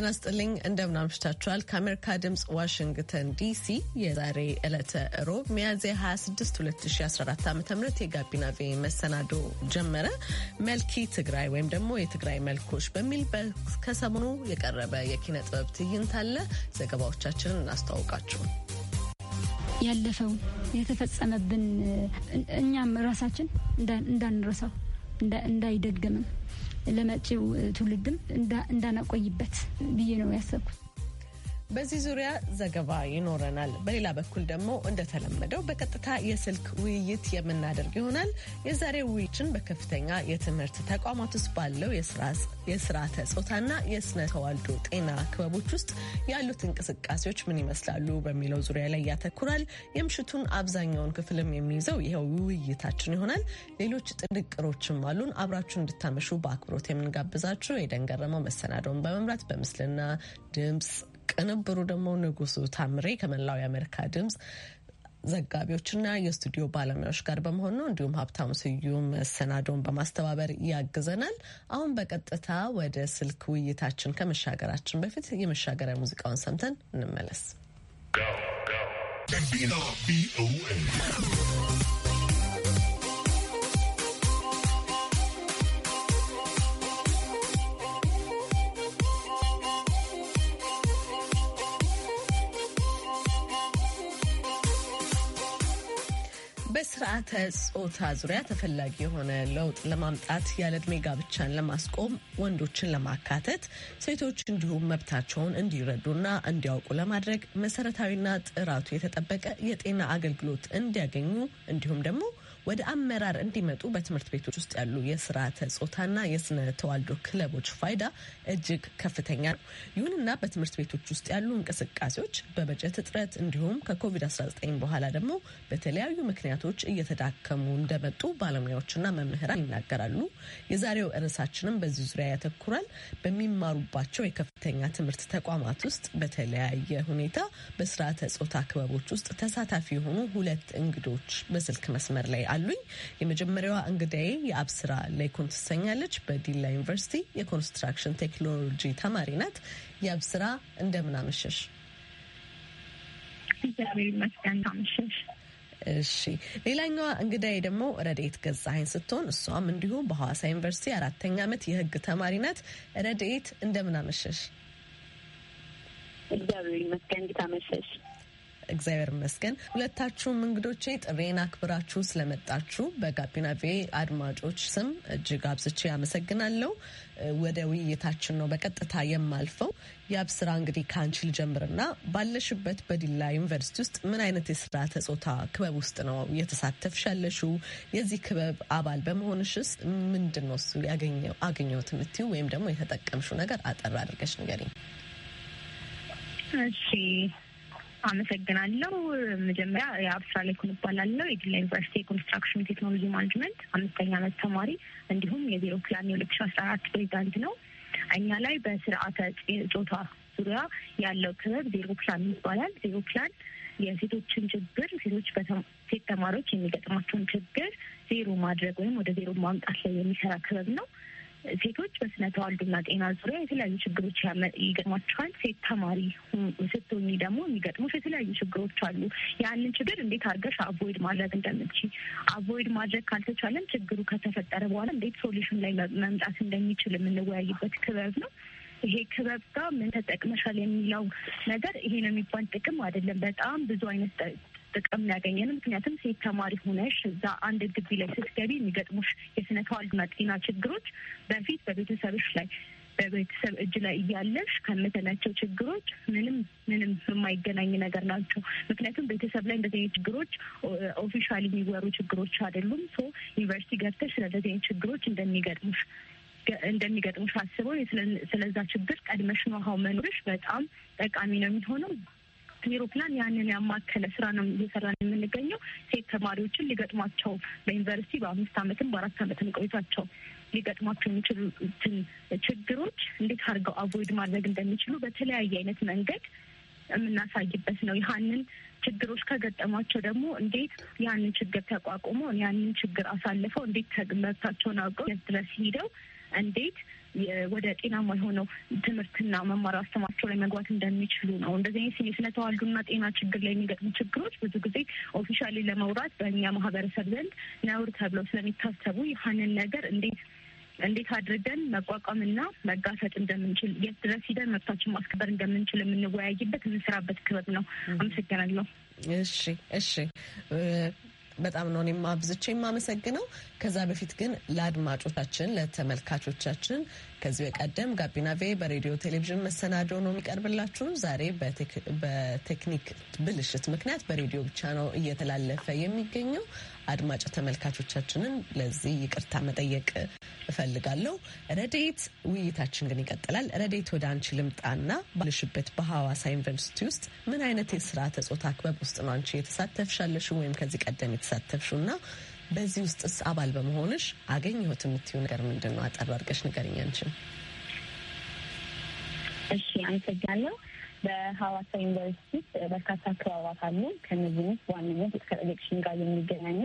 ጤና ስጥልኝ እንደምን አምሽታችኋል። ከአሜሪካ ድምፅ ዋሽንግተን ዲሲ የዛሬ ዕለተ ሮብ ሚያዝያ 26 2014 ዓ ም የጋቢና ቪ መሰናዶ ጀመረ። መልኪ ትግራይ ወይም ደግሞ የትግራይ መልኮች በሚል ከሰሞኑ የቀረበ የኪነ ጥበብ ትዕይንት አለ። ዘገባዎቻችንን እናስተዋውቃችሁ። ያለፈው የተፈጸመብን እኛም ራሳችን እንዳንረሳው እንዳይደገምም ለመጪው ትውልድም እንዳናቆይበት ብዬ ነው ያሰብኩት። በዚህ ዙሪያ ዘገባ ይኖረናል። በሌላ በኩል ደግሞ እንደተለመደው በቀጥታ የስልክ ውይይት የምናደርግ ይሆናል። የዛሬ ውይይችን በከፍተኛ የትምህርት ተቋማት ውስጥ ባለው የስርዓተ ጾታና የስነ ተዋልዶ ጤና ክበቦች ውስጥ ያሉት እንቅስቃሴዎች ምን ይመስላሉ በሚለው ዙሪያ ላይ ያተኩራል። የምሽቱን አብዛኛውን ክፍልም የሚይዘው ይኸው ውይይታችን ይሆናል። ሌሎች ጥንቅሮችም አሉን። አብራችሁ እንድታመሹ በአክብሮት የምንጋብዛችሁ የደንገረመው መሰናዶውን በመምራት በምስልና ድምፅ ቅንብሩ ደግሞ ንጉሱ ታምሬ ከመላው የአሜሪካ ድምጽ ዘጋቢዎችና የስቱዲዮ ባለሙያዎች ጋር በመሆን ነው። እንዲሁም ሀብታሙ ስዩም መሰናዶን በማስተባበር ያግዘናል። አሁን በቀጥታ ወደ ስልክ ውይይታችን ከመሻገራችን በፊት የመሻገሪያ ሙዚቃውን ሰምተን እንመለስ። በስርዓተ ጾታ ዙሪያ ተፈላጊ የሆነ ለውጥ ለማምጣት ያለ ዕድሜ ጋብቻን ለማስቆም ወንዶችን ለማካተት ሴቶች እንዲሁም መብታቸውን እንዲረዱና እንዲያውቁ ለማድረግ መሰረታዊና ጥራቱ የተጠበቀ የጤና አገልግሎት እንዲያገኙ እንዲሁም ደግሞ ወደ አመራር እንዲመጡ በትምህርት ቤቶች ውስጥ ያሉ የስርዓተ ጾታና የስነ ተዋልዶ ክለቦች ፋይዳ እጅግ ከፍተኛ ነው። ይሁንና በትምህርት ቤቶች ውስጥ ያሉ እንቅስቃሴዎች በበጀት እጥረት እንዲሁም ከኮቪድ-19 በኋላ ደግሞ በተለያዩ ምክንያቶች እየተዳከሙ እንደመጡ ባለሙያዎችና መምህራን ይናገራሉ። የዛሬው ርዕሳችንም በዚህ ዙሪያ ያተኩራል። በሚማሩባቸው የከፍተኛ ትምህርት ተቋማት ውስጥ በተለያየ ሁኔታ በስርዓተ ጾታ ክበቦች ውስጥ ተሳታፊ የሆኑ ሁለት እንግዶች በስልክ መስመር ላይ አሉኝ። የመጀመሪያዋ እንግዳዬ የአብስራ ላይኮን ትሰኛለች። በዲላ ዩኒቨርሲቲ የኮንስትራክሽን ቴክኖሎጂ ተማሪ ናት። የአብስራ እንደምን አመሸሽ? እሺ ሌላኛዋ እንግዳዬ ደግሞ ረድኤት ገዛሀኝ ስትሆን እሷም እንዲሁም በሐዋሳ ዩኒቨርሲቲ አራተኛ ዓመት የሕግ ተማሪ ናት። ረድኤት እንደምን አመሸሽ? እግዚአብሔር ይመስገን እንዴት አመሸሽ? እግዚአብሔር ይመስገን። ሁለታችሁም እንግዶቼ ጥሬን አክብራችሁ ስለመጣችሁ በጋቢና ቪ አድማጮች ስም እጅግ አብዝቼ አመሰግናለሁ። ወደ ውይይታችን ነው በቀጥታ የማልፈው። የአብስራ እንግዲህ ከአንቺ ልጀምርና ባለሽበት በዲላ ዩኒቨርሲቲ ውስጥ ምን አይነት የስራ ተጾታ ክበብ ውስጥ ነው እየተሳተፍሽ ያለሽው? የዚህ ክበብ አባል በመሆንሽስ ምንድን ነው እሱ ወይም ደግሞ የተጠቀምሽው ነገር አጠር አድርገሽ ንገሪኝ። እሺ አመሰግናለሁ። መጀመሪያ የአብስራ ላይ ኩን እባላለሁ። የዲላ ዩኒቨርሲቲ የኮንስትራክሽን ቴክኖሎጂ ማኔጅመንት አምስተኛ ዓመት ተማሪ እንዲሁም የዜሮ ፕላን የሁለት ሺ አስራ አራት ፕሬዚዳንት ነው። እኛ ላይ በስርዓተ ጾታ ዙሪያ ያለው ክበብ ዜሮ ፕላን ይባላል። ዜሮ ፕላን የሴቶችን ችግር ሴቶች ሴት ተማሪዎች የሚገጥማቸውን ችግር ዜሮ ማድረግ ወይም ወደ ዜሮ ማምጣት ላይ የሚሰራ ክበብ ነው። ሴቶች በስነ ተዋልዶና ጤና ዙሪያ የተለያዩ ችግሮች ይገጥሟቸዋል። ሴት ተማሪ ስትሆኚ ደግሞ የሚገጥሙሽ የተለያዩ ችግሮች አሉ። ያንን ችግር እንዴት አድርገሽ አቮይድ ማድረግ እንደምትችል አቮይድ ማድረግ ካልተቻለም ችግሩ ከተፈጠረ በኋላ እንዴት ሶሉሽን ላይ መምጣት እንደሚችል የምንወያይበት ክበብ ነው። ይሄ ክበብ ጋር ምን ተጠቅመሻል የሚለው ነገር ይሄ ነው የሚባል ጥቅም አይደለም። በጣም ብዙ አይነት ጥቅም ያገኘን። ምክንያቱም ሴት ተማሪ ሆነሽ እዛ አንድ ግቢ ላይ ስትገቢ የሚገጥሙሽ የስነ ተዋልድና ጤና ችግሮች በፊት በቤተሰብሽ ላይ በቤተሰብ እጅ ላይ እያለሽ ከምትላቸው ችግሮች ምንም ምንም የማይገናኝ ነገር ናቸው። ምክንያቱም ቤተሰብ ላይ እንደዚህ አይነት ችግሮች ኦፊሻል የሚወሩ ችግሮች አይደሉም። ሶ ዩኒቨርሲቲ ገብተሽ ስለዚህ አይነት ችግሮች እንደሚገጥሙሽ እንደሚገጥሙሽ አስበው ስለዛ ችግር ቀድመሽ ነው መኖርሽ በጣም ጠቃሚ ነው የሚሆነው። ሮፕላን ያንን ያማከለ ስራ ነው እየሰራን የምንገኘው። ሴት ተማሪዎችን ሊገጥሟቸው በዩኒቨርሲቲ በአምስት አመትም በአራት አመትም ቆይታቸው ሊገጥሟቸው የሚችሉትን ችግሮች እንዴት አድርገው አቮይድ ማድረግ እንደሚችሉ በተለያየ አይነት መንገድ የምናሳይበት ነው። ያንን ችግሮች ከገጠሟቸው ደግሞ እንዴት ያንን ችግር ተቋቁሞ ያንን ችግር አሳልፈው እንዴት መብታቸውን አውቀው ድረስ ሂደው እንዴት ወደ ጤናማ የሆነው ትምህርትና መማር አስተማቸው ላይ መግባት እንደሚችሉ ነው። እንደዚህ አይነት የስነ ተዋልዶና ጤና ችግር ላይ የሚገጥሙ ችግሮች ብዙ ጊዜ ኦፊሻሊ ለመውራት በእኛ ማህበረሰብ ዘንድ ነውር ተብለው ስለሚታሰቡ ይህንን ነገር እንዴት እንዴት አድርገን መቋቋምና መጋፈጥ እንደምንችል የት ድረስ ሂደን መብታችን ማስከበር እንደምንችል የምንወያይበት የምንሰራበት ክበብ ነው። አመሰግናለሁ። እሺ፣ እሺ በጣም ነው እኔም አብዝቼ የማመሰግነው። ከዛ በፊት ግን ለአድማጮቻችን ለተመልካቾቻችን ከዚህ በቀደም ጋቢና ቬ በሬዲዮ ቴሌቪዥን መሰናዶ ነው የሚቀርብላችሁ። ዛሬ በቴክኒክ ብልሽት ምክንያት በሬዲዮ ብቻ ነው እየተላለፈ የሚገኘው። አድማጭ ተመልካቾቻችንን ለዚህ ይቅርታ መጠየቅ እፈልጋለሁ። ረዴት ውይይታችን ግን ይቀጥላል። ረዴት ወደ አንቺ ልምጣና ባልሽበት በሐዋሳ ዩኒቨርሲቲ ውስጥ ምን አይነት የስራ ተጾታ አክበብ ውስጥ ነው አንቺ የተሳተፍሻለሽ ወይም ከዚህ ቀደም የተሳተፍሽውና በዚህ ውስጥስ አባል በመሆንሽ አገኘሁት የምትይው ነገር ምንድን ነው? አጠር አድርገሽ ንገሪኝ አንቺን። እሺ፣ አመሰግናለሁ። በሀዋሳ ዩኒቨርሲቲ በርካታ ክበባት አሉ። ከነዚህ ውስጥ ዋነኛው ከኤሌክሽን ጋር የሚገናኙ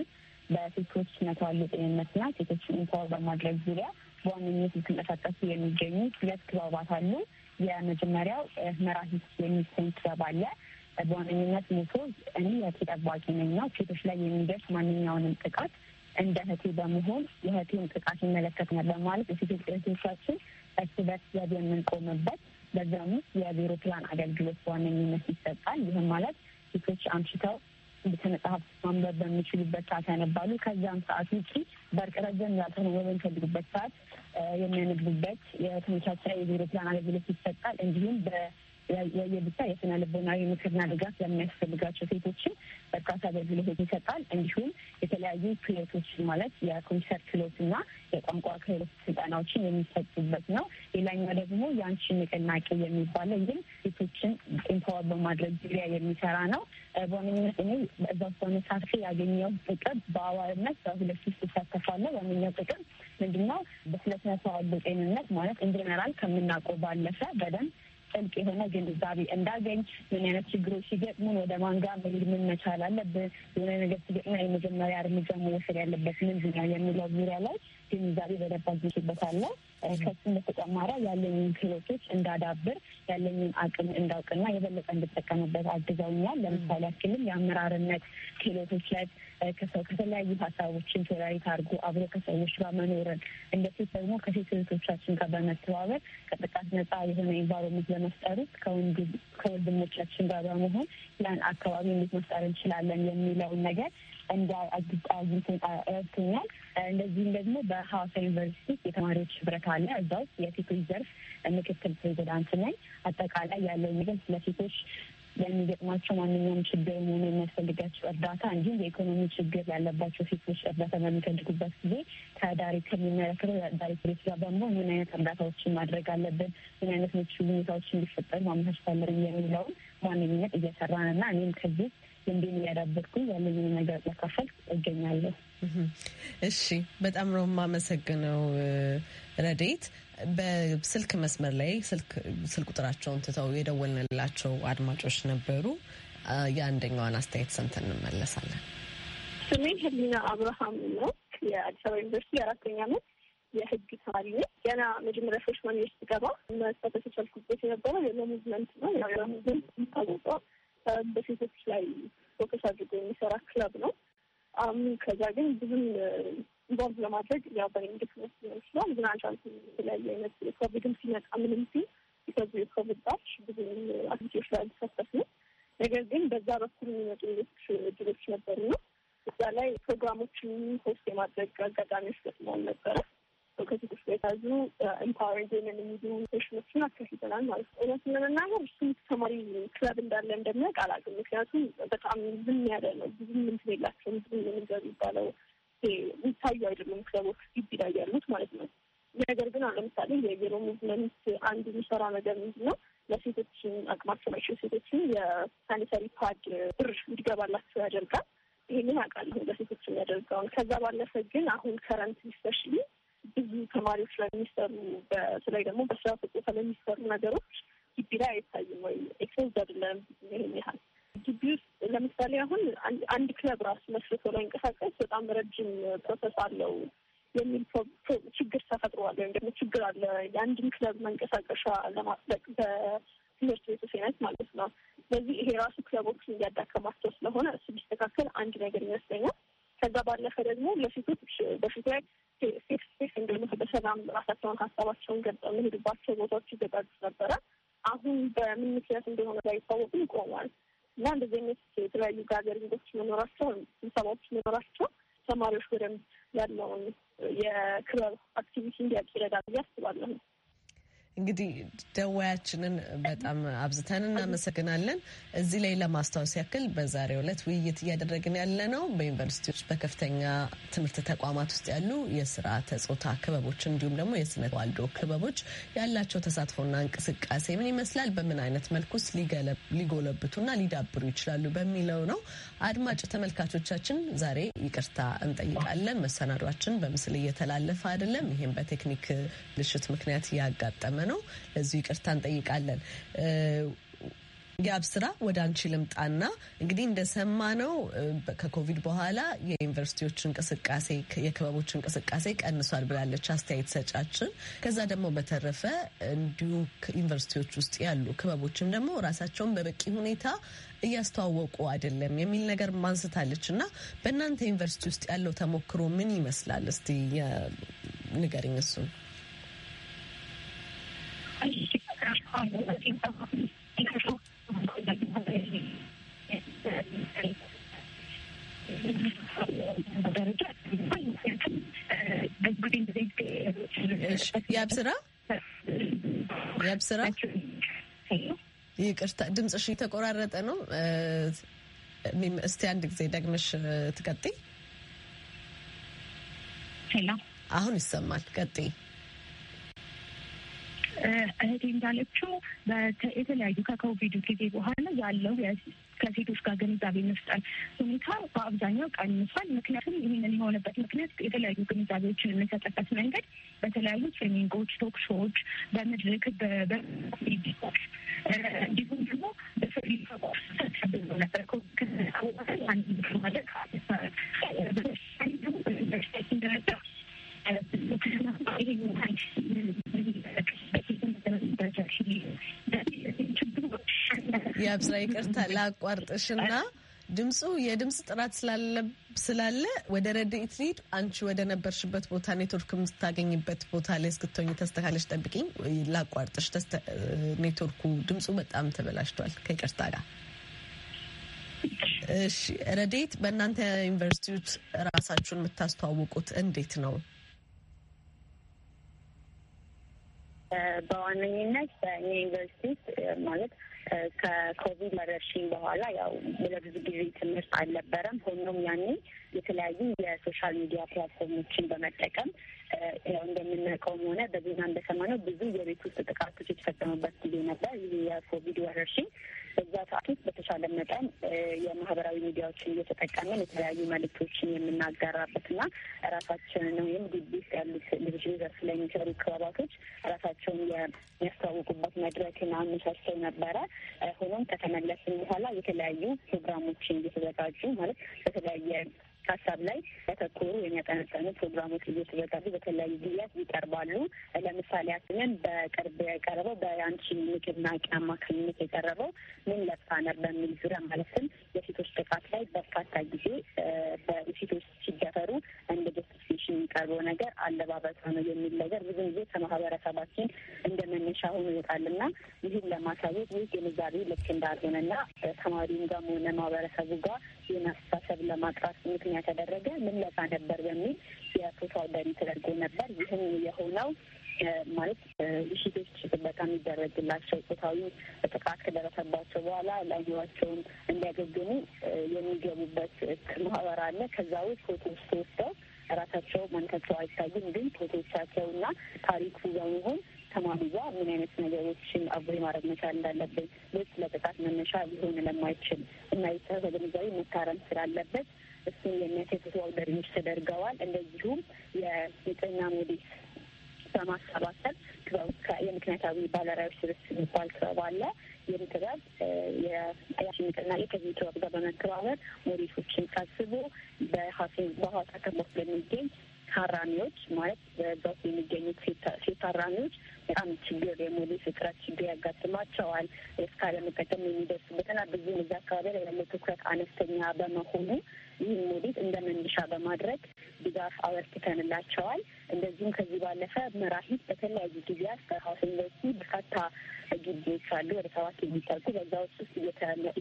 በሴቶች መተዋል ጤንነትና ሴቶችን ኢምፓወር በማድረግ ዙሪያ በዋነኝነት የተንቀሳቀሱ የሚገኙ ሁለት ክበባት አሉ። የመጀመሪያው መራሂት የሚሰኝ ክበብ አለ። በዋነኝነት ሞቶ እኔ የእህቴ ጠባቂ ነኝ ሴቶች ላይ የሚደርስ ማንኛውንም ጥቃት እንደ እህቴ በመሆን የእህቴን ጥቃት ይመለከተኛል በማለት የሴቶች እህቶቻችን እርስ በርስ ዘብ የምንቆምበት በዛም ውስጥ የአውሮፕላን አገልግሎት በዋነኝነት ይሰጣል። ይህም ማለት ሴቶች አምሽተው ቤተ መጽሐፍ ማንበብ በሚችሉበት ሰዓት ያነባሉ። ከዚያም ሰዓት ውጪ በርቅ ረዘም ያልሆነ በሚፈልጉበት ሰዓት የሚያነቡበት የተመቻቸ የአውሮፕላን አገልግሎት ይሰጣል። እንዲሁም የብቻ የስነ ልቦናዊ ምክርና ድጋፍ ለሚያስፈልጋቸው ሴቶችን በርካታ አገልግሎቶች ይሰጣል። እንዲሁም የተለያዩ ክህሎቶችን ማለት የኮምፒውተር እና የቋንቋ ክህሎት ስልጠናዎችን የሚሰጡበት ነው። ሌላኛው ደግሞ የአንቺ ንቅናቄ የሚባለው ይህም ሴቶችን ኢምፓወር በማድረግ ዙሪያ የሚሰራ ነው። በዋነኝነት እኔ በዛ ሳፌ ያገኘው ጥቅም በአዋርነት በሁለት ውስጥ ይሳተፋለሁ። ዋነኛው ጥቅም ምንድነው? በስለ ስነ ተዋልዶ ጤንነት ማለት ኢንጀነራል ከምናውቀው ባለፈ በደንብ ጥልቅ የሆነ ግንዛቤ እንዳገኝ ምን አይነት ችግሮች ሲገጥሙን ወደ ማንጋ መሄድ ምን መቻል አለብን፣ የሆነ ነገር ሲገጥና የመጀመሪያ እርምጃ መወሰድ ያለበት ምንድን ነው የሚለው ዙሪያ ላይ ግንዛቤ በደንብ አግኝቼበታለሁ። ከሱም በተጨማሪ ያለኝን ክህሎቶች እንዳዳብር ያለኝን አቅም እንዳውቅና የበለጠ እንድጠቀምበት አግዘውኛል። ለምሳሌ ያክልም የአመራርነት ክህሎቶች ላይ ከሰው ከተለያዩ ሀሳቦችን ፌራሪት አድርጎ አብሮ ከሰዎች ጋር መኖርን እንደሴት ደግሞ ከሴት እህቶቻችን ጋር በመተባበር ከጥቃት ነጻ የሆነ ኤንቫይሮመንት ለመፍጠሩ ከወንድሞቻችን ጋር በመሆን ያን አካባቢ እንዴት መፍጠር እንችላለን የሚለውን ነገር እንዲ አግኝቶኛል። እንደዚህም ደግሞ በሀዋሳ ዩኒቨርሲቲ የተማሪዎች ህብረት አለ። እዛ ውስጥ የሴቶች ዘርፍ ምክትል ፕሬዚዳንት ነኝ። አጠቃላይ ያለው ነገር ስለ ሴቶች ለሚገጥማቸው ማንኛውም ችግር መሆኑ የሚያስፈልጋቸው እርዳታ እንዲሁም የኢኮኖሚ ችግር ያለባቸው ሴቶች እርዳታ በሚፈልጉበት ጊዜ ከዳይሬክተር የሚመለከተው ዳይሬክተሮች ጋር በመሆን ምን አይነት እርዳታዎችን ማድረግ አለብን፣ ምን አይነት ምቹ ሁኔታዎች እንዲፈጠሩ ማመቻቸት አለብን የሚለውን ማንኛነት እየሰራን እና እኔም ከዚህ ልምዴን እያዳበርኩኝ ያለኝን ነገር መካፈል እገኛለሁ። እሺ፣ በጣም ነው የማመሰግነው ረዴት። በስልክ መስመር ላይ ስልክ ቁጥራቸውን ትተው የደወልንላቸው አድማጮች ነበሩ። የአንደኛዋን አስተያየት ሰምተን እንመለሳለን። ስሜ ህሊና አብርሃም ነው። የአዲስ አበባ ዩኒቨርሲቲ የአራተኛ ዓመት የህግ ተማሪ ነኝ። ገና መጀመሪያ ፍሬሽማን ስገባ መሳተፍ የቻልኩበት የነበረው የሙቭመንት ነው። ያው የሙቭመንት ታወቀ በሴቶች ላይ ፎከስ አድርጎ የሚሰራ ክለብ ነው። ከዛ ግን ብዙም ኢንቮልቭ ለማድረግ ያው በእኔም ድክመት ሊሆን ይችላል። ግን አልቻልኩም። የተለያዩ አይነት የኮቪድም ሲመጣ ምንም ሲል ሲሰዙ የኮቪድ ባች ብዙ አክቲቪቲዎች ላይ ነው። ነገር ግን በዛ በኩል የሚመጡ ሌሎች እድሎች ነበሩ ነው እዛ ላይ ፕሮግራሞችን ሆስት የማድረግ አጋጣሚዎች ገጥመውን ነበረ። የተያዙ ኢምፓወሬጅ ወይም የሚሉ ሴሽኖችን አካሂደናል ማለት ነው። እውነቱን ለመናገር እሱም ተማሪ ክለብ እንዳለ እንደሚያውቅ አላውቅም። ምክንያቱም በጣም ዝም ያለ ነው። ብዙም እንትን የላቸውም። ብዙ ምንዘብ ይባለው የሚታዩ አይደሉም ክለቦች ግቢ ላይ ያሉት ማለት ነው። ነገር ግን አሁን ለምሳሌ የዜሮ ሙቭመንት አንዱ የሚሰራ ነገር ምንድን ነው? ለሴቶችን አቅማቸው ናቸው ሴቶችን የሳኒታሪ ፓድ ብር እንዲገባላቸው ያደርጋል። ይህንን አውቃለሁ ለሴቶች የሚያደርገውን። ከዛ ባለፈ ግን አሁን ከረንት ስፔሻሊ ብዙ ተማሪዎች ላይ የሚሰሩ በተለይ ደግሞ በስራ ፍቆታ ላይ የሚሰሩ ነገሮች ግቢ ላይ አይታይም ወይ ኤክስፖዝ አይደለም ይህን ያህል ግቢ ውስጥ ለምሳሌ አሁን አንድ ክለብ ራሱ መስርቶ ለመንቀሳቀስ በጣም ረጅም ፕሮሰስ አለው የሚል ችግር ተፈጥሯል ወይም ደግሞ ችግር አለ የአንድን ክለብ መንቀሳቀሻ ለማጽደቅ በትምህርት ቤቱ አይነት ማለት ነው። ስለዚህ ይሄ ራሱ ክለቦችን እንዲያዳከማቸው ስለሆነ እሱ ቢስተካከል አንድ ነገር ይመስለኛል። ከዛ ባለፈ ደግሞ ለሴቶች በፊት ላይ ሰላም ራሳቸውን ሀሳባቸውን ገልጸው የሚሄዱባቸው ቦታዎች ይዘጋጁ ነበረ። አሁን በምን ምክንያት እንደሆነ ባይታወቅም ይቆማል እና እንደዚህ አይነት የተለያዩ ጋዘሪንጎች መኖራቸው፣ ስብሰባዎች መኖራቸው ተማሪዎች በደንብ ያለውን የክበብ አክቲቪቲ እንዲያውቅ ይረዳል ብዬ አስባለሁ። እንግዲህ ደዋያችንን በጣም አብዝተን እናመሰግናለን። እዚህ ላይ ለማስታወስ ያክል በዛሬው ዕለት ውይይት እያደረግን ያለ ነው በዩኒቨርሲቲዎች በከፍተኛ ትምህርት ተቋማት ውስጥ ያሉ የስራ ተጾታ ክበቦች እንዲሁም ደግሞ የስነ ተዋልዶ ክበቦች ያላቸው ተሳትፎና እንቅስቃሴ ምን ይመስላል፣ በምን አይነት መልኩስ ሊጎለብቱና ሊዳብሩ ይችላሉ በሚለው ነው። አድማጭ ተመልካቾቻችን ዛሬ ይቅርታ እንጠይቃለን። መሰናዷችን በምስል እየተላለፈ አይደለም። ይህም በቴክኒክ ብልሽት ምክንያት ያጋጠመ ነው። ለዚሁ ይቅርታ እንጠይቃለን። የአብስራ ወደ አንቺ ልምጣና እንግዲህ እንደሰማ ነው ከኮቪድ በኋላ የዩኒቨርሲቲዎች እንቅስቃሴ የክበቦች እንቅስቃሴ ቀንሷል ብላለች አስተያየት ሰጫችን። ከዛ ደግሞ በተረፈ እንዲሁ ዩኒቨርሲቲዎች ውስጥ ያሉ ክበቦችም ደግሞ ራሳቸውን በበቂ ሁኔታ እያስተዋወቁ አይደለም የሚል ነገር ማንስታለች እና በእናንተ ዩኒቨርሲቲ ውስጥ ያለው ተሞክሮ ምን ይመስላል? እስቲ ንገሪኝ እሱን። ያብስራ ያብስራ፣ ይቅርታ ድምፅሽ የተቆራረጠ ነው። እስቲ አንድ ጊዜ ደግመሽ ትቀጥይ። አሁን ይሰማል። ቀጥይ እህቴ እንዳለችው የተለያዩ ከኮቪድ ጊዜ በኋላ ያለው ከሴቶች ጋር ግንዛቤ መፍጠር ሁኔታ በአብዛኛው ቀንሷል። ምክንያቱም ይህንን የሆነበት ምክንያት የተለያዩ ግንዛቤዎችን የምንሰጠበት መንገድ በተለያዩ ትሬኒንጎች፣ ቶክሾዎች፣ በምድርክ እንዲሁም ደግሞ ነበር ማለት የአብስራ ይቅርታ ላቋርጥሽና ድምፁ የድምፅ ጥራት ስላለ ወደ ረድኤት ሊድ አንቺ ወደ ነበርሽበት ቦታ ኔትወርክ የምታገኝበት ቦታ ላይ እስክትሆኝ ተስተካለች ጠብቅኝ ላቋርጥሽ። ኔትወርኩ ድምፁ በጣም ተበላሽቷል። ከይቅርታ ጋር እሺ። ረድኤት፣ በእናንተ ዩኒቨርሲቲዎች ራሳችሁን የምታስተዋውቁት እንዴት ነው? በዋነኝነት በእኛ ዩኒቨርሲቲ ማለት ከኮቪድ ወረርሽኝ በኋላ ያው ለብዙ ጊዜ ትምህርት አልነበረም። ሆኖም ያኔ የተለያዩ የሶሻል ሚዲያ ፕላትፎርሞችን በመጠቀም ያው እንደምናውቀውም ሆነ በዜና እንደሰማነው ብዙ የቤት ውስጥ ጥቃቶች የተፈጸሙበት ጊዜ ነበር። ይህ የኮቪድ ወረርሽኝ በዛ ሰዓት ውስጥ በተቻለ መጠን የማህበራዊ ሚዲያዎችን እየተጠቀምን የተለያዩ መልእክቶችን የምናጋራበትና ራሳችንን ወይም ግቢ ውስጥ ያሉት ዘርፍ ላይ የሚሰሩ ክበባቶች ራሳቸውን የሚያስተዋውቁበት መድረክን አመቻችተው ነበረ። ሆኖም ከተመለስን በኋላ የተለያዩ ፕሮግራሞችን እየተዘጋጁ ማለት በተለያየ ሀሳብ ላይ ያተኮሩ የሚያጠነጠኑ ፕሮግራሞች እየተዘጋጁ በተለያዩ ጊዜያት ይቀርባሉ። ለምሳሌ ያክልን በቅርብ የቀረበው በአንቺ ንቅናቄ አማካኝነት የቀረበው ምን ለፋነር በሚል ዙሪያ ማለትም የሴቶች ጥቃት ላይ በርካታ ጊዜ በሴቶች ሲደፈሩ እንደ ጀስቲፊኬሽን የሚቀርበው ነገር አለባበሳ ነው የሚል ነገር ብዙ ጊዜ ከማህበረሰባችን እንደ መነሻ ሆኖ ይወጣልና ይህን ለማሳየት ይህ ግንዛቤ ልክ እንዳልሆነና ተማሪም ጋር ሆነ ማህበረሰቡ ጋር ይህን አስተሳሰብ ለማጥራት ምክንያት ተደረገ ምለሳ ነበር በሚል የፎቶው ደሪ ተደርጎ ነበር። ይህም የሆነው ማለት ምሽቶች ጥበቃ የሚደረግላቸው ጾታዊ ጥቃት ከደረሰባቸው በኋላ ላዩዋቸውን እንዲያገግሙ የሚገቡበት ማህበር አለ። ከዛ ውስጥ ፎቶዎች ተወስደው ራሳቸው ማንነታቸው አይታይም፣ ግን ፎቶዎቻቸውና ታሪኩ በመሆን ተማሪዋ ምን አይነት ነገሮችን አቦይ ማድረግ መቻል እንዳለብን ልጅ ለጥቃት መነሻ ሊሆን ለማይችል እና የተሰ ግንዛቤ መታረም ስላለበት እሱ የሚያሴትቱ ወርደኞች ተደርገዋል። እንደዚሁም የንጽህና ሞዴስ በማሰባሰብ የምክንያታዊ ባለራዕዮች ስብስብ የሚባል ክበብ አለ። ይህም ክበብ የያሽ ንቅናቄ ከዚህ ክበብ ጋር በመተባበር ሞዴሶችን ሰብስቦ በሐዋሳ ከተማ በሚገኝ ታራሚዎች ማለት በዛት የሚገኙት ሴት ታራሚዎች በጣም ችግር የሞዴስ እጥረት ችግር ያጋጥማቸዋል። እስካለመጠቀም የሚደርሱበትና ብዙም እዛ አካባቢ ላይ ያለው ትኩረት አነስተኛ በመሆኑ ይህን ሞዴት እንደ መነሻ በማድረግ ድጋፍ አበርክተንላቸዋል። እንደዚሁም ከዚህ ባለፈ መራሂት በተለያዩ ጊዜያት ከሀውስ ዩኒቨርሲቲ በርካታ ግቢዎች አሉ፣ ወደ ሰባት የሚጠጉ በዛ ውስጥ ውስጥ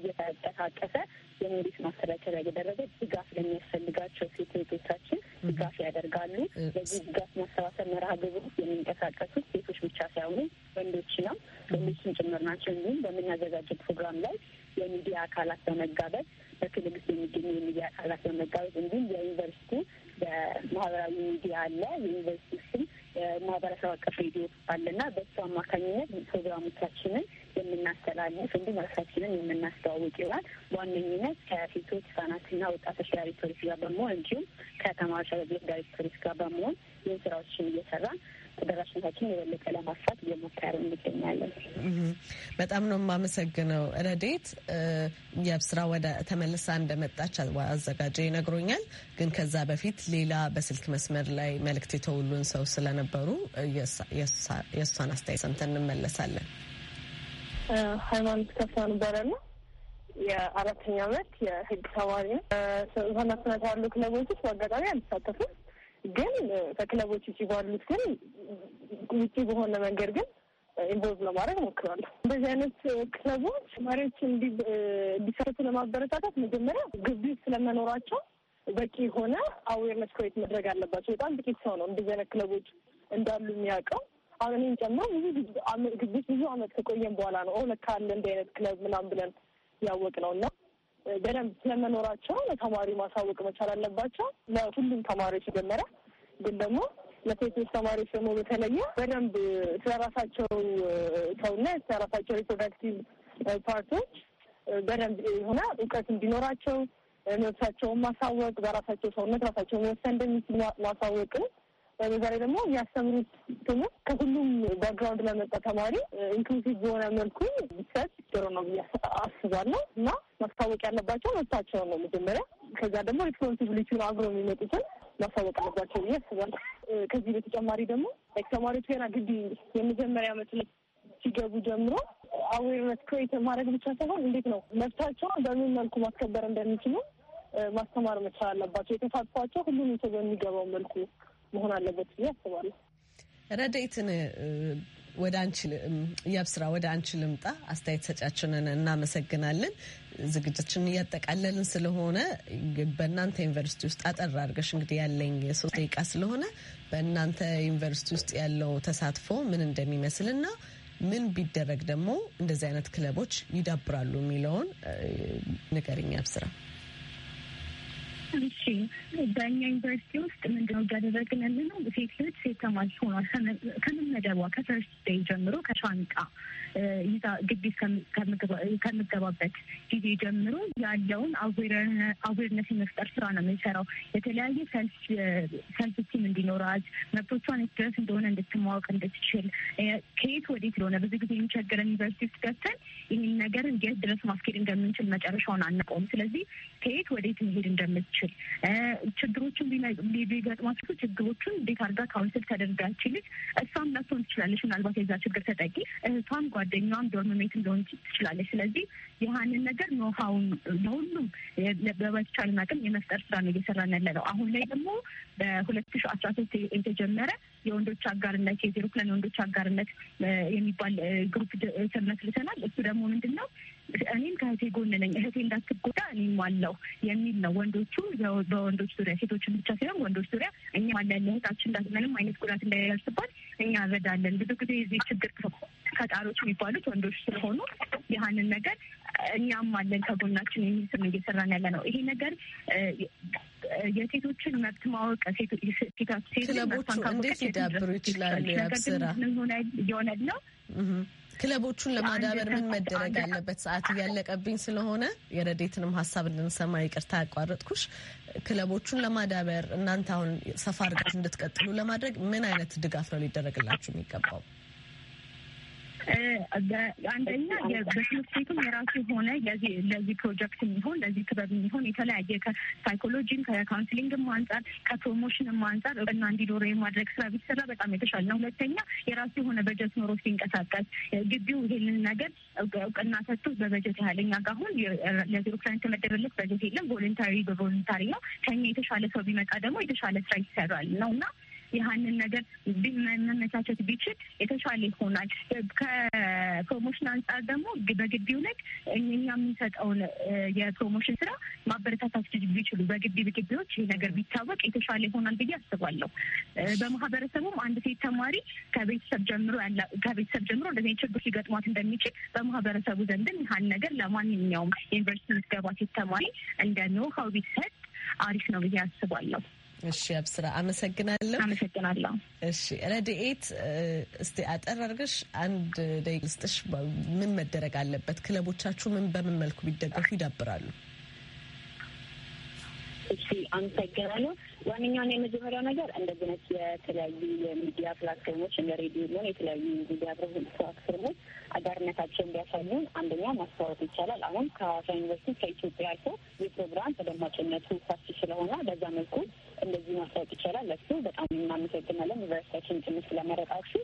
እየተጠቃቀሰ የሞዴት ማሰራጨት ያደረገ ድጋፍ ለሚያስፈልጋቸው ሴት ቤቶቻችን ድጋፍ ያደርጋሉ። በዚህ ድጋፍ ማሰባሰብ መርሃ ግብር ውስጥ የሚንቀሳቀሱት ሴቶች ብቻ ሳይሆኑ ወንዶች ነው ወንዶችን ጭምር ናቸው። እንዲሁም በምናዘጋጀው ፕሮግራም ላይ የሚዲያ አካላት በመጋበዝ በክልል ውስጥ የሚገኙ የሚዲያ ራሳቸውን መጋበዝ እንዲሁም የዩኒቨርሲቲ በማህበራዊ ሚዲያ አለ። የዩኒቨርሲቲ ስም የማህበረሰብ አቀፍ ሬዲዮ አለና በሱ አማካኝነት ፕሮግራሞቻችንን የምናስተላልፍ እንዲሁም ራሳችንን የምናስተዋውቅ ይሆናል። በዋነኝነት ከሴቶች ህጻናትና ወጣቶች ዳይሬክቶሬት ጋር በመሆን እንዲሁም ከተማሪዎች አገልግሎት ዳይሬክቶሬት ጋር በመሆን ይህን ስራዎችን እየሰራን ተደራሽነታችን የበለጠ ለማስፋት እየሞከርን እንገኛለን። በጣም ነው የማመሰግነው ረዴት። ስራ ወደ ተመልሳ እንደመጣች አዘጋጀ ይነግሮኛል። ግን ከዛ በፊት ሌላ በስልክ መስመር ላይ መልእክት የተውሉን ሰው ስለነበሩ የእሷን አስተያየት ሰምተን እንመለሳለን። ሃይማኖት ከፍታ ነበረ የአራተኛ ዓመት የህግ ተማሪ ነው። ህጻናት ያሉ ክለቦች ውስጥ በአጋጣሚ አልተሳተፉም። ግን ከክለቦች ውጭ ባሉት ግን ውጭ በሆነ መንገድ ግን ኢንቮልቭ ለማድረግ ሞክራለሁ። እንደዚህ አይነት ክለቦች ተማሪዎች እንዲሰሩት ለማበረታታት መጀመሪያ ግቢ ስለመኖራቸው በቂ የሆነ አዌርነስ ክሬት መድረግ አለባቸው። በጣም ጥቂት ሰው ነው እንደዚህ አይነት ክለቦች እንዳሉ የሚያውቀው። አሁን እኔን ጨምሮ ብዙ ግቢ ብዙ አመት ከቆየን በኋላ ነው ለካ አለ እንዲህ አይነት ክለብ ምናምን ብለን ያወቅ ነው እና በደንብ ስለመኖራቸው ለተማሪ ማሳወቅ መቻል አለባቸው። ለሁሉም ተማሪዎች መጀመሪያ ግን ደግሞ ለሴቶች ተማሪዎች ደግሞ በተለየ በደንብ ስለራሳቸው ሰውነት ስለራሳቸው ሪፕሮዳክቲቭ ፓርቶች በደንብ የሆነ እውቀት እንዲኖራቸው መብታቸውን ማሳወቅ በራሳቸው ሰውነት ራሳቸውን መወሰን እንደሚችል ማሳወቅን በዛሬ ደግሞ የሚያስተምሩት ትምህርት ከሁሉም ባክግራውንድ ለመጣ ተማሪ ኢንክሉሲቭ በሆነ መልኩ ቢሰጥ ጥሩ ነው ብዬ አስባለሁ እና ማስታወቅ ያለባቸው መብታቸውን ነው መጀመሪያ። ከዚያ ደግሞ ሪስፖንሲቢሊቲውን አብሮ የሚመጡትን ማስታወቅ አለባቸው ብዬ አስባለሁ። ከዚህ በተጨማሪ ደግሞ ተማሪዎች ገና ግቢ የመጀመሪያ ዓመት ሲገቡ ጀምሮ አዌርነት ክሬት ማድረግ ብቻ ሳይሆን እንዴት ነው መብታቸውን በምን መልኩ ማስከበር እንደሚችሉ ማስተማር መቻል አለባቸው። የተሳትፏቸው ሁሉም ሰው በሚገባው መልኩ መሆን አለበት ብዬ አስባለሁ። ረዳይትን ወደ አንቺ ያብስራ፣ ወደ አንቺ ልምጣ። አስተያየት ሰጫችንን እናመሰግናለን። ዝግጅትችን እያጠቃለልን ስለሆነ በእናንተ ዩኒቨርሲቲ ውስጥ አጠር አድርገሽ እንግዲህ ያለኝ የሶስት ደቂቃ ስለሆነ በእናንተ ዩኒቨርሲቲ ውስጥ ያለው ተሳትፎ ምን እንደሚመስልና ምን ቢደረግ ደግሞ እንደዚህ አይነት ክለቦች ይዳብራሉ የሚለውን ንገሪኝ ብስራ። እሺ በእኛ ዩኒቨርሲቲ ውስጥ ምንድነው እያደረግን ያለ ነው? ሴት ልጅ ሴት ተማሪ ሆኗል ከመመደቧ ከፈርስት ዴይ ጀምሮ ከሻንጣ ይዛ ግቢ ከምገባበት ጊዜ ጀምሮ ያለውን አዌርነስ የመፍጠር ስራ ነው የምንሰራው። የተለያየ ሰልፍ ቲም እንዲኖራት መብቶቿን ኤክስፕረስ እንደሆነ እንድትማወቅ እንድትችል ከየት ወዴት ለሆነ ብዙ ጊዜ የሚቸገረን ዩኒቨርሲቲ ውስጥ ገብተን ይህን ነገር የት ድረስ ማስኬድ እንደምንችል መጨረሻውን አናውቀውም። ስለዚህ ከየት ወዴት መሄድ እንደምትችል እንደምትችል ችግሮችን ቢገጥማቸው ችግሮቹን እንዴት አድርጋ ካውንስል ተደርጋ ችልጅ እሷም መቶን ትችላለች። ምናልባት የዛ ችግር ተጠቂ እሷም ጓደኛዋም ዶርምሜት እንደሆን ትችላለች። ስለዚህ ያህንን ነገር ኖሃውን ለሁሉም በበቻልን አቅም የመፍጠር ስራ ነው እየሰራ ያለ ነው። አሁን ላይ ደግሞ በሁለት ሺ አስራ ሶስት የተጀመረ የወንዶች አጋርነት የዜሮ ክለን የወንዶች አጋርነት የሚባል ግሩፕ መስርተናል። እሱ ደግሞ ምንድን ነው እኔም ከእህቴ ጎን ነኝ፣ እህቴ እንዳትጎዳ እኔም አለው የሚል ነው። ወንዶቹ በወንዶች ዙሪያ ሴቶችን ብቻ ሳይሆን ወንዶች ዙሪያ እኛ አለን፣ እህታችን እንዳት ምንም አይነት ጉዳት እንዳይደርስባት እኛ እረዳለን። ብዙ ጊዜ የዚህ ችግር ፈጣሪዎች የሚባሉት ወንዶች ስለሆኑ ይህንን ነገር እኛም አለን ከጎናችን የሚል ስም እየሰራን ያለ ነው። ይሄ ነገር የሴቶችን መብት ማወቅ ሴቶች ሴቶች ዳብሩ ይችላሉ ያብስራ ሆነ ነው ክለቦቹን ለማዳበር ምን መደረግ አለበት? ሰዓት እያለቀብኝ ስለሆነ የረዴትንም ሀሳብ እንድንሰማ ይቅርታ ያቋረጥኩሽ። ክለቦቹን ለማዳበር እናንተ አሁን ሰፋ አድርጋችሁ እንድትቀጥሉ ለማድረግ ምን አይነት ድጋፍ ነው ሊደረግላችሁ የሚገባው? አንደኛ በትምህርት ቤቱም የራሱ የሆነ ለዚህ ፕሮጀክት የሚሆን ለዚህ ክበብ የሚሆን የተለያየ ከሳይኮሎጂም ከካውንስሊንግም አንጻር ከፕሮሞሽንም አንጻር እና እንዲኖረው የማድረግ ስራ ቢሰራ በጣም የተሻለ ነው። ሁለተኛ የራሱ የሆነ በጀት ኖሮ ሲንቀሳቀስ ግቢው ይሄንን ነገር እውቅና ሰጥቶ በበጀት ያህለኛ ጋሁን ለዜሮ ፕላን የተመደበለት በጀት የለም። ቮለንታሪ በቮለንታሪ ነው። ከኛ የተሻለ ሰው ቢመጣ ደግሞ የተሻለ ስራ ይሰራል ነው እና ያህንን ነገር መመቻቸት ቢችል የተሻለ ይሆናል። ከፕሮሞሽን አንጻር ደግሞ በግቢው ላይ እኛ የምንሰጠውን የፕሮሞሽን ስራ ማበረታታት ቢችሉ በግቢ ግቢዎች ይህ ነገር ቢታወቅ የተሻለ ይሆናል ብዬ አስባለሁ። በማህበረሰቡም አንድ ሴት ተማሪ ከቤተሰብ ጀምሮ ከቤተሰብ ጀምሮ እንደዚህ ችግር ሊገጥሟት እንደሚችል በማህበረሰቡ ዘንድም ይህን ነገር ለማንኛውም ዩኒቨርሲቲ ምትገባ ሴት ተማሪ እንደ ኖ ሀው ቢሰጥ አሪፍ ነው ብዬ አስባለሁ። እሺ አብስራ አመሰግናለሁ። አመሰግናለሁ። እሺ ረድኤት፣ እስቲ አጠር አድርገሽ አንድ ደቂቃ ምን መደረግ አለበት? ክለቦቻችሁ ምን በምን መልኩ ቢደገፉ ይዳብራሉ? እሺ አመሰግናለሁ። ዋነኛውና የመጀመሪያው ነገር እንደዚህ ነት የተለያዩ የሚዲያ ፕላትፎርሞች እንደ ሬዲዮ ሆን የተለያዩ ሚዲያ ፕላትፎርሞች አጋርነታቸውን ቢያሳዩ አንደኛ ማስተዋወቅ ይቻላል። አሁን ከሀዋሳ ዩኒቨርሲቲ ከኢትዮጵያ አልፎ የፕሮግራም ተደማጭነቱ ሰፊ ስለሆነ በዛ መልኩ እንደዚህ ማስታወቅ ይቻላል። ለሱ በጣም እናመሰግናለን ዩኒቨርሲቲያችን ትንሽ ስለመረጣችሁ።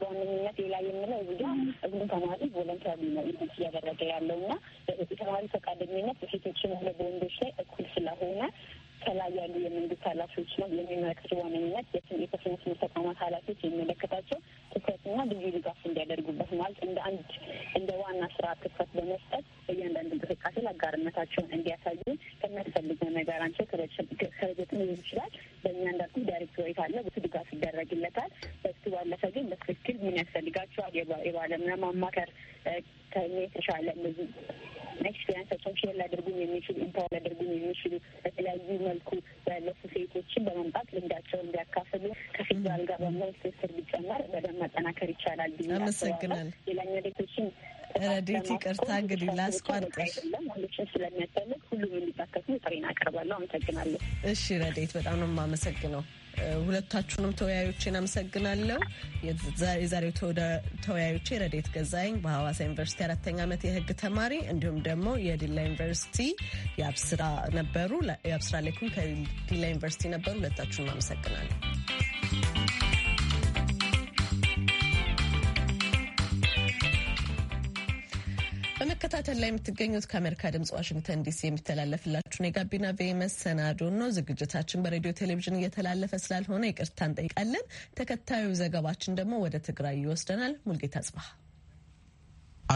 በዋነኝነት ሌላ የምለው እዚ እዚም ተማሪ ቮለንተሪ ነው እያደረገ ያለው እና የተማሪ ፈቃደኝነት በሴቶችም ሆነ በወንዶች ላይ እኩል ስለሆነ ከላይ ያሉ የመንግስት ኃላፊዎች ነው የሚመክር ዋነኝነት የትምህርት ተቋማት ኃላፊዎች የሚመለከታቸው ትኩረትና ልዩ ድጋፍ እንዲያደርጉበት ማለት እንደ አንድ እንደ ዋና ስራ ትኩረት በመስጠት በእያንዳንዱ እንቅስቃሴ ላይ እንዲያሳዩ ከሚያስፈልገው ነገር አንቸው ከበጀትም ሊሆን ይችላል በእኛ እንዳልኩ ዳይሬክቶሬት አለ። በሱ ድጋፍ ይደረግለታል። በሱ ባለፈ ግን በትክክል ምን ያስፈልጋቸዋል የባለሙያ ማማከር ከእኛ የተሻለ እነዚህ ኤክስፔሪንሳቸውን ሼር ሊያደርጉን የሚችሉ ኢምፓወር ሊያደርጉን የሚችሉ በተለያዩ መልኩ ያለፉ ሴቶችን በመምጣት ልምዳቸውን እንዲያካፍሉ ከፌዴራል ጋር በመሆን ስስር ቢጨመር በደንብ መጠናከር ይቻላል ብዬ አመሰግናል። ሌላኛ ቤቶችን ረዴት ይቅርታ እንግዲህ ላስቋርጥሽ። ስለሚያስፈልግ ሁሉም እንዲታከሱ ጥሪን አቀርባለሁ። አመሰግናለሁ። እሺ ረዴት፣ በጣም ነው የማመሰግነው። ሁለታችሁንም ተወያዮችን አመሰግናለሁ። የዛሬው ተወያዮቼ ረዴት ገዛኝ በሐዋሳ ዩኒቨርሲቲ አራተኛ ዓመት የሕግ ተማሪ እንዲሁም ደግሞ የዲላ ዩኒቨርሲቲ የአብስራ ነበሩ የአብስራ ሌኩም ከዲላ ዩኒቨርሲቲ ነበሩ። ሁለታችሁንም አመሰግናለሁ። በመከታተል ላይ የምትገኙት ከአሜሪካ ድምጽ ዋሽንግተን ዲሲ የሚተላለፍላችሁን የጋቢና ቬ መሰናዶ ነው። ዝግጅታችን በሬዲዮ ቴሌቪዥን እየተላለፈ ስላልሆነ ይቅርታ እንጠይቃለን። ተከታዩ ዘገባችን ደግሞ ወደ ትግራይ ይወስደናል። ሙልጌታ ጽባህ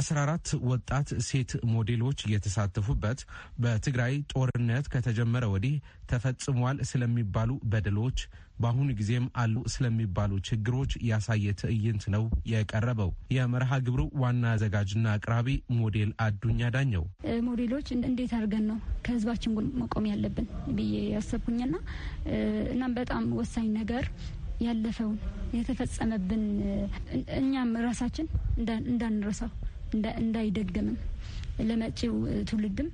14 ወጣት ሴት ሞዴሎች የተሳተፉበት በትግራይ ጦርነት ከተጀመረ ወዲህ ተፈጽሟል ስለሚባሉ በደሎች በአሁኑ ጊዜም አሉ ስለሚባሉ ችግሮች ያሳየ ትዕይንት ነው የቀረበው። የመርሃ ግብሩ ዋና አዘጋጅና አቅራቢ ሞዴል አዱኛ ዳኘው ሞዴሎች እንዴት አድርገን ነው ከህዝባችን ጎን መቆም ያለብን ብዬ ያሰብኩኝና እናም በጣም ወሳኝ ነገር ያለፈውን የተፈጸመብን እኛም ራሳችን እንዳንረሳው እንዳይደገምም ለመጪው ትውልድም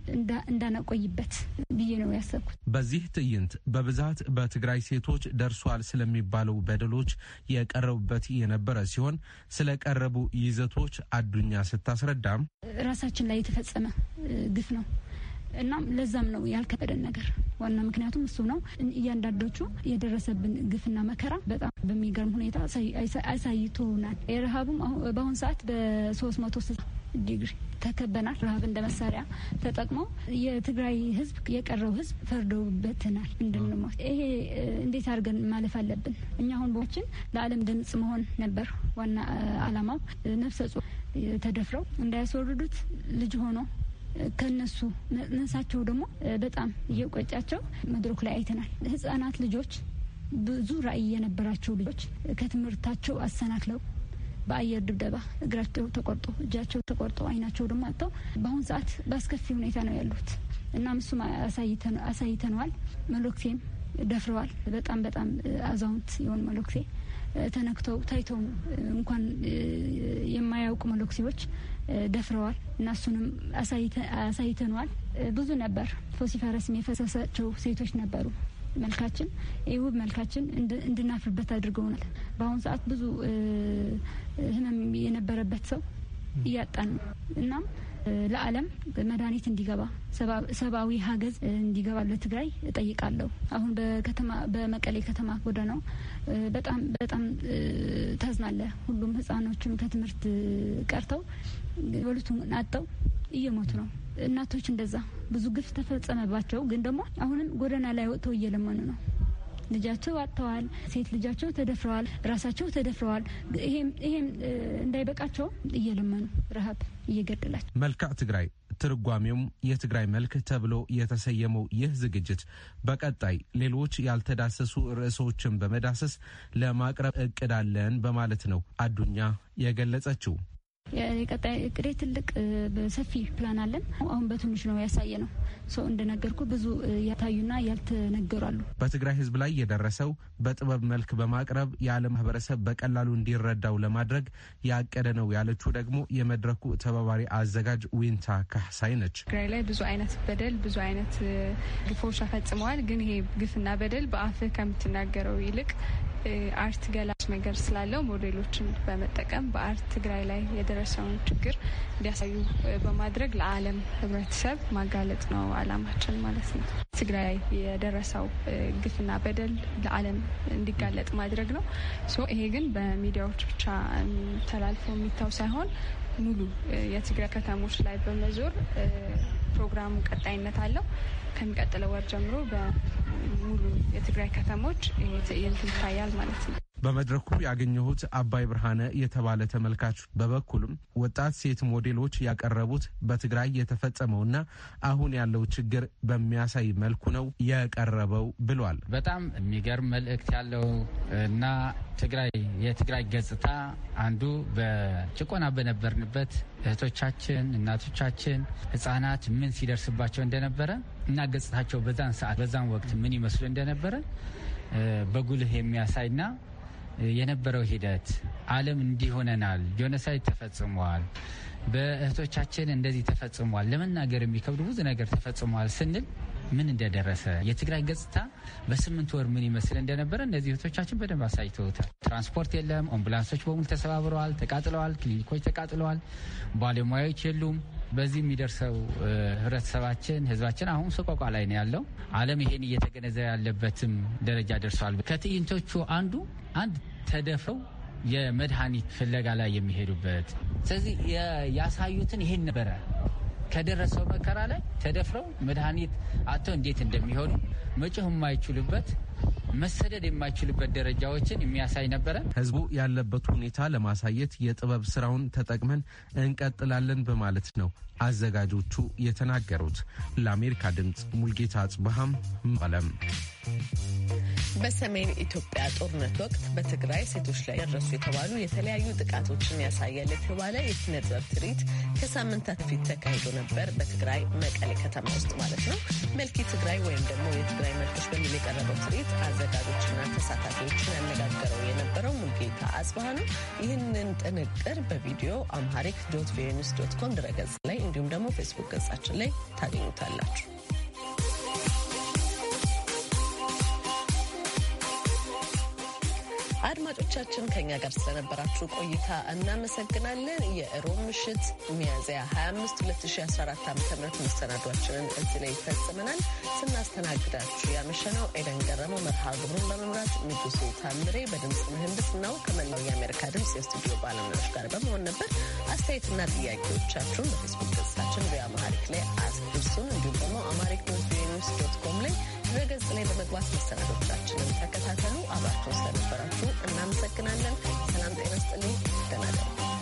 እንዳናቆይበት ብዬ ነው ያሰብኩት። በዚህ ትዕይንት በብዛት በትግራይ ሴቶች ደርሷል ስለሚባለው በደሎች የቀረቡበት የነበረ ሲሆን ስለ ቀረቡ ይዘቶች አዱኛ ስታስረዳም ራሳችን ላይ የተፈጸመ ግፍ ነው እናም ለዛም ነው ያልከበደን ነገር ዋና ምክንያቱም እሱ ነው። እያንዳንዶቹ የደረሰብን ግፍና መከራ በጣም በሚገርም ሁኔታ አሳይቶናል። የረሃቡም በአሁኑ ሰዓት በሶስት መቶ ስልሳ ዲግሪ ተከበናል። ረሃብ እንደ መሳሪያ ተጠቅሞ የትግራይ ህዝብ የቀረው ህዝብ ፈርዶበትናል እንድንሞት። ይሄ እንዴት አድርገን ማለፍ አለብን? እኛ አሁን ቦችን ለዓለም ድምጽ መሆን ነበር ዋና አላማው። ነፍሰ ጡር ተደፍረው እንዳያስወርዱት ልጅ ሆኖ ከነሱ ነንሳቸው ደግሞ በጣም እየቆጫቸው መድረክ ላይ አይተናል። ህጻናት ልጆች ብዙ ራዕይ የነበራቸው ልጆች ከትምህርታቸው አሰናክለው በአየር ድብደባ እግራቸው ተቆርጦ እጃቸው ተቆርጦ አይናቸው ደግሞ አጥተው በአሁኑ ሰዓት በአስከፊ ሁኔታ ነው ያሉት። እናም እሱም አሳይተነዋል። መሎክቴም ደፍረዋል። በጣም በጣም አዛውንት የሆኑ መሎክቴ ተነክተው ታይተው እንኳን የማያውቁ መሎክሴዎች ደፍረዋል እና እሱንም አሳይተነዋል። ብዙ ነበር። ፎሲፈረስም የፈሰሳቸው ሴቶች ነበሩ። መልካችን ውብ መልካችን እንድናፍርበት አድርገውናል። በአሁኑ ሰዓት ብዙ ህመም የነበረበት ሰው ነው። እናም ለዓለም መድኃኒት እንዲገባ ሰብአዊ ሀገዝ እንዲገባ ለትግራይ እጠይቃለሁ። አሁን በከተማ በመቀሌ ከተማ ጎዳናው በጣም በጣም ተዝናለ። ሁሉም ህጻኖችም ከትምህርት ቀርተው በሉቱ አጥተው እየሞቱ ነው። እናቶች እንደዛ ብዙ ግፍ ተፈጸመባቸው፣ ግን ደግሞ አሁንም ጎዳና ላይ ወጥተው እየለመኑ ነው። ልጃቸው አጥተዋል፣ ሴት ልጃቸው ተደፍረዋል፣ ራሳቸው ተደፍረዋል። ይሄም እንዳይበቃቸው እየለመኑ ረሃብ እየገደላቸው መልክዕ ትግራይ ትርጓሜውም የትግራይ መልክ ተብሎ የተሰየመው ይህ ዝግጅት በቀጣይ ሌሎች ያልተዳሰሱ ርዕሶችን በመዳሰስ ለማቅረብ እቅዳለን በማለት ነው አዱኛ የገለጸችው። የቀጣይ እቅዴ ትልቅ ሰፊ ፕላን አለን። አሁን በትንሽ ነው ያሳየ ነው ሰው እንደነገርኩ ብዙ ያልታዩና ያልተነገሩ አሉ። በትግራይ ሕዝብ ላይ የደረሰው በጥበብ መልክ በማቅረብ የዓለም ማህበረሰብ በቀላሉ እንዲረዳው ለማድረግ ያቀደ ነው ያለችው ደግሞ የመድረኩ ተባባሪ አዘጋጅ ዊንታ ካህሳይ ነች። ትግራይ ላይ ብዙ አይነት በደል ብዙ አይነት ግፎች ተፈጽመዋል። ግን ይሄ ግፍና በደል በአፍህ ከምትናገረው ይልቅ አርት ገላጭ ነገር ስላለው ሞዴሎችን በመጠቀም በአርት ትግራይ ላይ የደረሰውን ችግር እንዲያሳዩ በማድረግ ለዓለም ህብረተሰብ ማጋለጥ ነው አላማችን ማለት ነው። ትግራይ ላይ የደረሰው ግፍና በደል ለዓለም እንዲጋለጥ ማድረግ ነው። ይሄ ግን በሚዲያዎች ብቻ ተላልፎ የሚታው ሳይሆን ሙሉ የትግራይ ከተሞች ላይ በመዞር ፕሮግራሙ ቀጣይነት አለው። ከሚቀጥለው ወር ጀምሮ በሙሉ የትግራይ ከተሞች ይህ ይታያል ማለት ነው። በመድረኩ ያገኘሁት አባይ ብርሃነ የተባለ ተመልካች በበኩሉም ወጣት ሴት ሞዴሎች ያቀረቡት በትግራይ የተፈጸመውና አሁን ያለው ችግር በሚያሳይ መልኩ ነው የቀረበው ብሏል። በጣም የሚገርም መልእክት ያለው እና ትግራይ የትግራይ ገጽታ አንዱ በጭቆና በነበርንበት እህቶቻችን፣ እናቶቻችን፣ ህጻናት ምን ሲደርስባቸው እንደነበረ እና ገጽታቸው በዛን ሰዓት በዛን ወቅት ምን ይመስሉ እንደነበረ በጉልህ የሚያሳይና የነበረው ሂደት ዓለም እንዲሆነናል ጆነሳይድ ተፈጽሟል፣ በእህቶቻችን እንደዚህ ተፈጽሟል፣ ለመናገር የሚከብዱ ብዙ ነገር ተፈጽሟል ስንል ምን እንደደረሰ የትግራይ ገጽታ በስምንት ወር ምን ይመስል እንደነበረ እነዚህ እህቶቻችን በደንብ አሳይተውታል። ትራንስፖርት የለም፣ አምቡላንሶች በሙሉ ተሰባብረዋል፣ ተቃጥለዋል፣ ክሊኒኮች ተቃጥለዋል፣ ባለሙያዎች የሉም። በዚህ የሚደርሰው ህብረተሰባችን፣ ህዝባችን አሁን ሰቆቃ ላይ ነው ያለው። ዓለም ይሄን እየተገነዘበ ያለበትም ደረጃ ደርሷል። ከትዕይንቶቹ አንዱ አንድ ተደፍረው የመድኃኒት ፍለጋ ላይ የሚሄዱበት ስለዚህ ያሳዩትን ይሄን ነበረ ከደረሰው መከራ ላይ ተደፍረው መድኃኒት አጥተው እንዴት እንደሚሆኑ መጮህ የማይችሉበት መሰደድ የማይችሉበት ደረጃዎችን የሚያሳይ ነበረ። ህዝቡ ያለበት ሁኔታ ለማሳየት የጥበብ ስራውን ተጠቅመን እንቀጥላለን በማለት ነው አዘጋጆቹ የተናገሩት። ለአሜሪካ ድምፅ ሙልጌታ አጽብሃም መቀለም። በሰሜን ኢትዮጵያ ጦርነት ወቅት በትግራይ ሴቶች ላይ ደረሱ የተባሉ የተለያዩ ጥቃቶችን ያሳያል የተባለ የኪነ ጥበብ ትርኢት ከሳምንታት በፊት ተካሂዶ ነበር፣ በትግራይ መቀሌ ከተማ ውስጥ ማለት ነው። መልኪ ትግራይ ወይም ደግሞ የትግራይ መልኮች በሚል የቀረበው ትርኢት አዘጋጆችና ተሳታፊዎችን ያነጋገረው የነበረው ሙልጌታ አጽባህ ነው። ይህንን ጥንቅር በቪዲዮ አምሃሪክ ዶት ቪኦኤ ኒውስ ዶት ኮም ድረገጽ ላይ እንዲሁም ደግሞ ፌስቡክ ገጻችን ላይ ታገኙታላችሁ። አድማጮቻችን ከኛ ጋር ስለነበራችሁ ቆይታ እናመሰግናለን። የእሮብ ምሽት ሚያዝያ 25 2014 ዓ ም መሰናዷችንን እዚህ ላይ ይፈጽመናል። ስናስተናግዳችሁ ያመሸነው ኤደን ገረመው፣ መርሃ ግብሩን በመምራት ንጉሱ ታምሬ፣ በድምፅ ምህንድስ ነው ከመላው የአሜሪካ ድምፅ የስቱዲዮ ባለሙያዎች ጋር በመሆን ነበር። አስተያየትና ጥያቄዎቻችሁን በፌስቡክ ገጻችን በአማሪክ ላይ አድርሱን። እንዲሁም ደግሞ አማሪክ ዶት ኮም ላይ ድረገጽ ላይ በመግባት መሰናዶቻችንን ተከታተሉ። አብራችሁን ስለነበራችሁ እናመሰግናለን። ሰላም ጤና ስጥልኝ። ደህና እደሩ።